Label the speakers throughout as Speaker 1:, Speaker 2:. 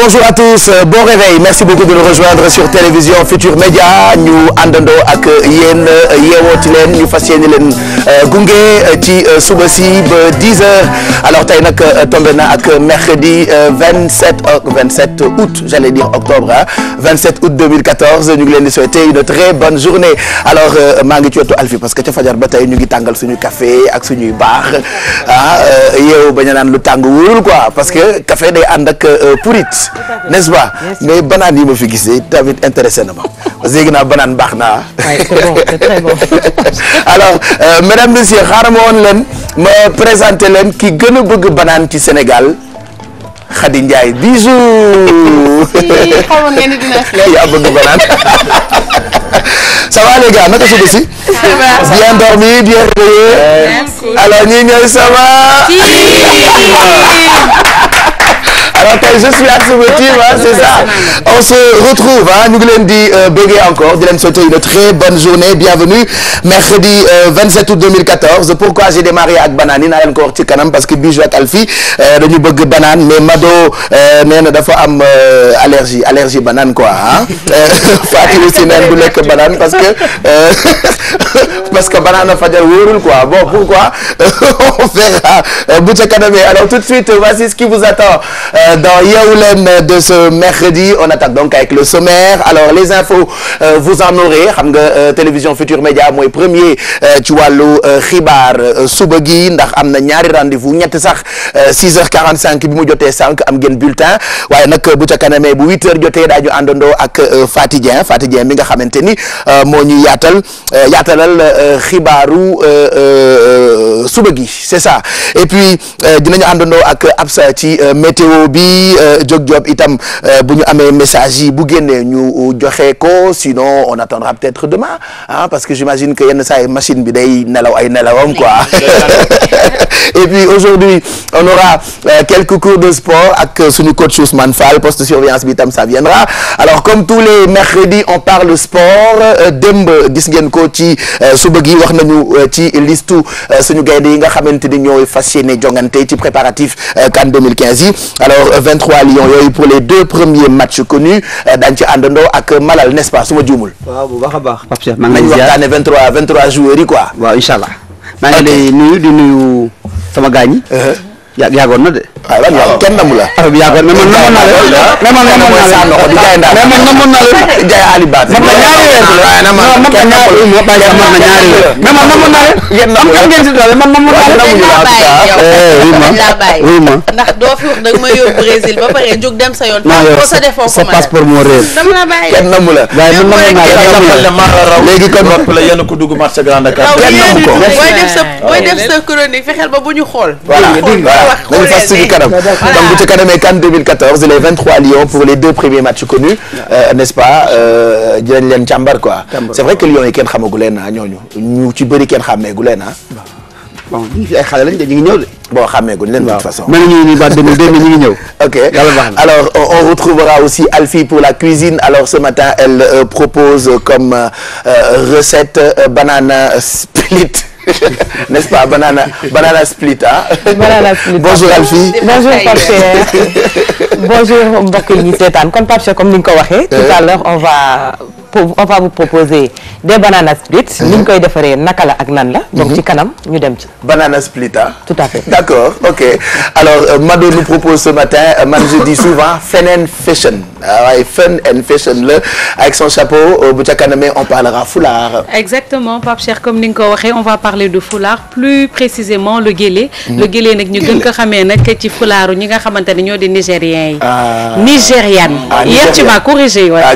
Speaker 1: bonjour à tous euh, bon réveil merci beaucoup de nous rejoindre sur télévision Futur Média ñu àndandoo ak euh, yéen euh, yeewooti leen ñu fas yéene leen gunge ci suba si ba 10 heures alors tey nag tombé na ak mercredi 27 27 août j'allais dire octobre ah 27 août 2014 ñu ngi leen di souhaiter une très bonne journée alors maa ngi ci wetu Alfi parce que ca fajar ba tey ñu ngi tàngal suñu café ak suñuy baax ah yeewu bañ naan lu tàng wóorul quoi parce que café day ànd ak purit gis n'est-ce pas mais banaan yi ma fi gisee tamit intéressé na ma parce que léegi naa banaan baax naa alors euh, mesdames messieurs leen ma présenté leen ki gën a bëgg banaan ci Sénégal Khady Ndiaye bisous. si yaa bëgg banaan ça va les naka suba si. bien dormi bien réveillé. alors ñii ñooy ça alors tey je suis à Soumbédioune c'est ça on se retrouve ah ñu ngi leen di béggee encore di leen souhaiter une très bonne journée bienvenue mercredi 27 euh, août 2014 pourquoi j'ai démarré ak banaan yi naa leen ko wax ci kanam parce que Bijou ak Alfi dañu bëgg banaan mais Mado euh, nee na dafa am euh, allergie allergie banaan quoi ah Fatou aussi neen du parce que parce que banaan a fajar pourquoi on verra bu ca kanamee alors tout de suite voici ce qui vous attend. dans Yeewu Leen de ce mercredi on attaque donc avec le sommaire alors les infos euh, vous en aurez xam nga euh, télévision Futur Média mooy premier euh, ci wàllu xibaar suba gi ndax am na ñaari rendez-vous ñett sax 6 h cinq bi mu jotee sànq am geen bulletin waaye nag bu ca kanamee bu 8h jotee daañu àndandoo ak Fatidien Fatidien bi nga xamante ni moo ñu yaatal yaatalal xibaaru suba gi c'est ça et puis dinañu àndandoo ak Absa ci météo bi. bi Jok Job itam euh, bu ñu amee message yi bu génnee ñu joxe ko sinon on attendra peut-être demain parce que j'imagine que yenn saa yi machine bi day nelaw ay nelawam quoi et puis aujourd'hui on aura euh, de sport ak euh, suñu coach Ousmane Fall poste surveillance bi tam ça viendra alors comme tous les mercredis on parle sport euh, démb gis ngeen ko ci euh, suba gi wax nañu ci listu suñu gaynde yi nga xamante ni ñooy fas yéene jongante ci préparatif CAN 2015 yi alors 23 lions yooyu pour les deux premiers matchs connus dañ ci àndandoo ak Malal n'est-ce pas su ma juumul. waaw bu baax a baax. Pape Cheikh maa ngi lay ziar nañu waxtaane 23 23 joueurs di sama gaañ yi. Uh-huh. yàggoon na de. waaw lan yàlla kenn namu la. arab yaakaar mais man namoon naa leen. mais man namoon naa leen mais man namoon naa leen. jaay Ali Ba.
Speaker 2: mat na ñaari weer la waaye na ma kenn namu la mat na ñaari weer. mais man namoon naa leen. kenn namu la am ngeen si doole man namoon
Speaker 3: naa leen. dañ laa bàyyi yow dañ laa bàyyi. oui ma ndax doo
Speaker 2: fi wax danga ma yóbbu Brésil ba pare jóg dem sa yoon. maa yor sa passeport moo réer. dama la bàyyi kenn namu la. waaye man namoon naa leen kenn namu
Speaker 1: la léegi kon bopp la yéen a ko dugg marché Grand Dakar. kenn namu ko booy def sa booy def sa
Speaker 2: chronique fexeel ba bu ñu xool. voilà
Speaker 1: voilà kanam donc bu ci kanamee CAN leen càmbar quoi c'est vrai que Lions yi kenn leen ah ñooñu ñu ci bëri leen ah bon ñu fi ay xale lañ leen de toute façon. mën nañu ni la cuisine alors ce matin elle euh, propose comme euh, euh, recette banana split. n'est-ce pas banana banana split ah. banana split bonjour Alfie. bonjour Pape Cheikh
Speaker 2: bonjour mbokk yi ñuy seetaan kon Pape Cheikh comme ni nga ko waxee. tout à l'heure on va. on va proposer des banana split. Mhm. ni ñu koy defaree naka la ak nan la. Mhm. donc ci kanam ñu dem ci. banana split ah. tout à fait
Speaker 1: d' accord ok alors euh, Mado nous propose ce matin euh, man je dis souvent fun and fashion waaye ah fun and fashion la avec son chapeau euh, bu ca kanamee on parlera foulard.
Speaker 2: exactement Pape Cheikh comme ni nga ko waxee on va parler de foulard plus précisément le guélé. Mhm. le guélé nag ñu gën ko xamee nag ci foulaaru ñi nga xamante ne ñoo di nigériens yi. ah ah nigériane hier tu m'as corrigé. Ah,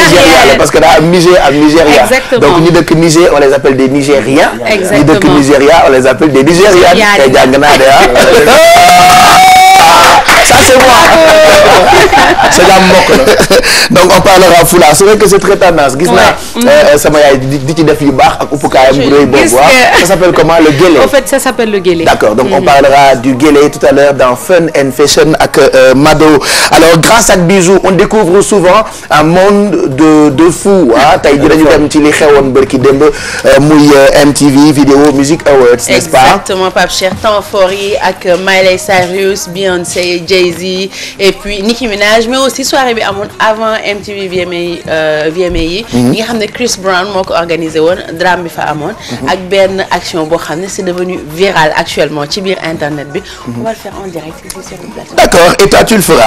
Speaker 1: Nigéria la parce que daa am Niger ak Nigéria. donc ñu dëkk Niger on les appelle des Nigériens. exactement ñu dëkk Nigéria on les appelle des Nigérianes. tey jàng de ah. chez moi sa jàmm mbokk la donc on parlera fula c'est vrai que c'est très tendance gis mm. euh, sama yaay di ci def yu baax ak uppukaayam bu rëy boobu waaw ah. ça s'appelle comment le guélé en
Speaker 2: fait ça s'appelle le guélé d'accord donc on mm-hmm. parlera
Speaker 1: du guélé tout à l'heure dans Fun and euh, Mado alors grâce ak Bijou on découvre souvent un monde de de fou ah mm-hmm. tey jii MTV Video Music Awards n'est-ce pas
Speaker 2: exactement Pape Cheikh temps ak Miley Cyrus Beyoncé jay Uzi et puis Nicki Minaj mais aussi soirée bi amoon avant MTV VMA euh, VMA yi. Mhm. ñi nga xam ne Chris Brown moo ko organisé woon drame bi fa amoon. Mhm. ak benn action boo xam ne c'est devenu viral actuellement ci biir internet bi. Mhm. on va le faire en direct ici sur le plateau.
Speaker 1: d'accord et toi tu le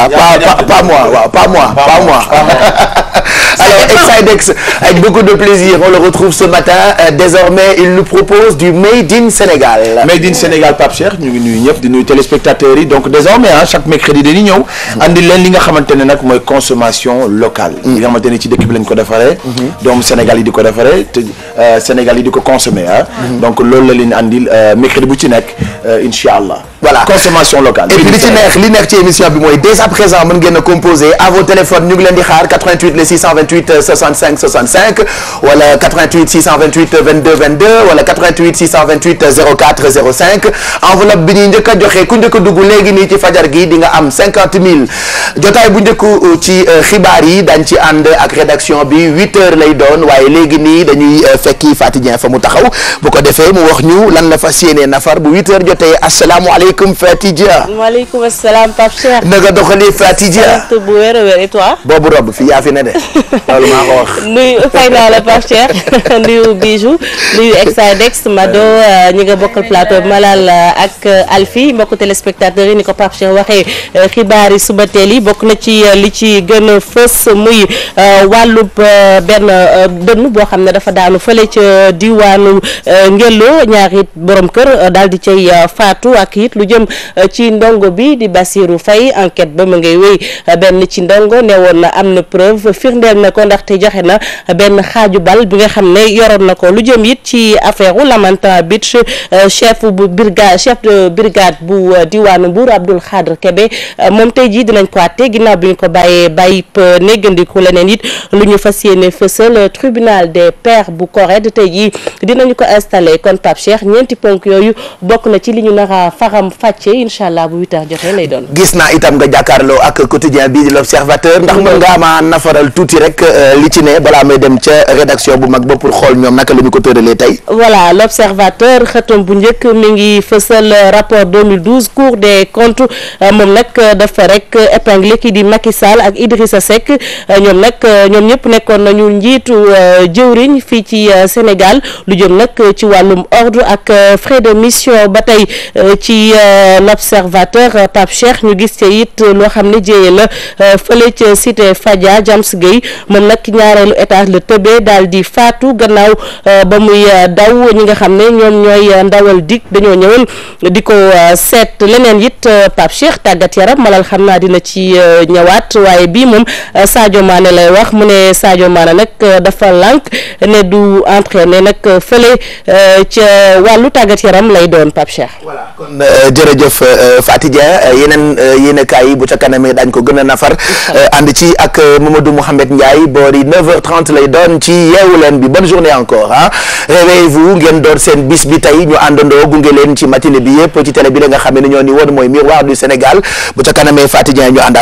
Speaker 1: avec beaucoup de plaisir on le retrouve ce matin euh, désormais il nous propose du Made Sénégal. Made Sénégal Pape Cheikh ñu ngi nuyu ñëpp di nuyu téléspectateurs donc désormais ah chaque mercredi. yi dañuy ñëw andi leen li nga xamante ne nag mooy consommation locale mm. nga xamante ne ci dëkk bi lañ ko defaree mm-hmm. doomu Sénégal yi di ko defaree te euh, Sénégal yi di ko consommer ah mm-hmm. donc loolu la leen andil euh, mercredi bu ci nekk euh, incha allah voilà consommation locale. et puis li ci neex li neex ci émission bi mooy dès à a composer à vos téléphones ñu ngi leen di xaar 88 les 628 65 65 wala 88 628 22 22 wala 88 628 04 05 joxe ku njëkk a dugg léegi nii ci fajar gi di nga am jotaay bu njëkk euh, ci euh, xibaar yi dañ ci ànd ak rédaction bi huit heures lay doon waaye léegi nii dañuy euh, fekki Faty fa mu taxaw bu ko defee mu wax ñu lan la fa yéenee nafar bu huit heures jotee asalaamualeykum Faty Dieng.
Speaker 2: maaleykum salaam Pape Cheikh. na nga
Speaker 1: boobu rob fi yaa fi ne de loolu maa ko wax.
Speaker 2: nuyu fay naa la Pape Cheikh nuyu Bijou nuyu Exadex Mado ñi nga bokkal plateau Malal ak Alfie mbokku téléspectateurs yi ni ko Pape Cheikh waxee xibaar yi suba teel yi bokk na ci euh, li ci gën a fës muy euh, wàllub euh, benn dënn boo xam ne dafa daanu fële ca diwaanu Ngelo ñaari borom kër daal di cay faatu ak yit lu jëm ci ndongo bi di Bassirou Faye enquête ba mu ngay wéy benn ci ndongo ne na am na preuve firndeel na ko ndaxte joxe na benn xaaju bal bi nga xam ne yoroon na ko lu jëm it ci affaire u Lamanta Beach chef bu brigade chef de brigade bu diwaanu Mbour Abdoul Khadr Kébé moom tey jii dinañ ko àtte ginnaaw bi ñu ko bàyyee bàyyi néggandiku leneen it lu ñu fas yéene fësal euh, tribunal des pairs bu CORED tey jii dinañu ko installé kon Pape Cheikh ñeenti ponk yooyu bokk na ci li ñu nar a faram fàcce incha allah bu 8h lay doon. gis
Speaker 1: naa itam nga jàkkaarloo ak quotidien bii di l'observateur ndax mën nga ma nafaral tuuti rek euh, li ci ne balaa may dem ca rédaction bu mag ba xool ñoom naka la ñu ko tëralee tey.
Speaker 2: voilà l'observateur xëtam bu njëkk mi ngi fësal euh, rapport 2012 cour des comptes moom nag dafa rek épingle. anglais kii di Macky Sall ak Idrissa Seck euh, ñoom nag euh, ñoom ñëpp nekkoon nañu njiitu euh, jëwriñ fii ci Sénégal lu jëm nag ci wàllum ordre ak frais de mission ba tey ci l'observateur Pape Cheikh ñu gis te it loo xam ne jéye la fële ca cité Fadia James Gueye moom nag ñaareelu étage la tëbee daal di faatu gannaaw ba muy daw ñi nga xam ne ñoom ñooy ndawal dik dañoo ñëwoon di ko seet leneen it Pape Cheikh tàggat yaram malal xam naa dina ci ci euh, ñëwaat waaye bii moom euh, Sadio Mané lay wax mu ne Sadio Mané nag euh, dafa lànk ne du ne nag fële ca wàllu tàggat yaram lay doon Pape Cheikh. voilà
Speaker 1: kon jërëjëf Fatou Dieng yeneen yéenekaay yi bu ca kanamee daañu ko gën a nafar ànd ci ak Mamadou Mouhamed Ndiaye boori 9h30 lay doon ci yeewu leen bi bonne journée encore ah réveillez-vous ngeen door seen bis bi tey ñu àndandoo gunge leen ci matinée bi yëpp ci télé bi la nga xam ne ñoo ni woon mooy miroir du Sénégal bu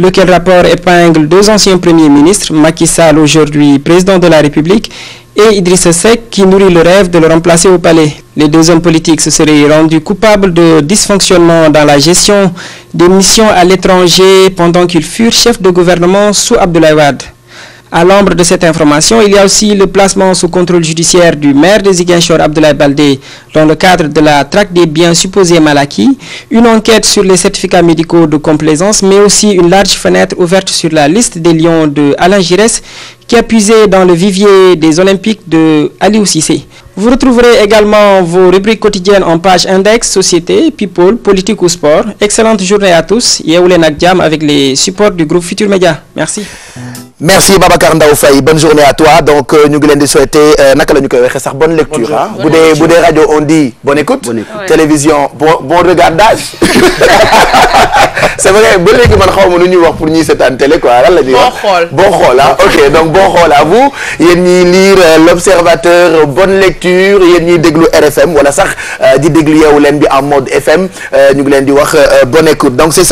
Speaker 3: Lequel rapport épingle deux anciens premiers ministres, Macky Sall aujourd'hui président de la République et Idrissa Seck qui nourrit le rêve de le remplacer au palais. Les deux hommes politiques se seraient rendus coupables de dysfonctionnements dans la gestion des missions à l'étranger pendant qu'ils furent chefs de gouvernement sous Abdoulaye Wade. À l'ombre de cette information, il y a aussi le placement sous contrôle judiciaire du maire de Ziguinchor, Abdoulaye Baldé, dans le cadre de la traque des biens supposés mal acquis, une enquête sur les certificats médicaux de complaisance, mais aussi une large fenêtre ouverte sur la liste des lions de Alain Giresse, qui a puisé dans le vivier des Olympiques de Aliou Cissé. Vous retrouverez également vos rubriques quotidiennes en page Index, Société, People, Politique ou Sport. Excellente journée à tous. Yeoulé Nakdiam avec les supports du groupe Média. Merci. merci Babacar
Speaker 1: Ndaw Faye bonne journée à toi donc euh, ñu ngi leen di souhaiter euh, naka la ñu koy waxee sax bonne lecture ah bu dee bu dee rajo on dit bonne écoute télévision bon bon regardage c'est vrai ba léegi man xaw ma nu ñuy wax pour ñuy seetaan télé quoi lan la ñuy bon xool ah ok donc bon xool à vous yéen ñiy lire euh, l'observateur bonne lecture yéen ñiy déglu RFM wala sax di déglu yeewu leen bi en mode FM ñu ngi leen di wax bonne écoute donc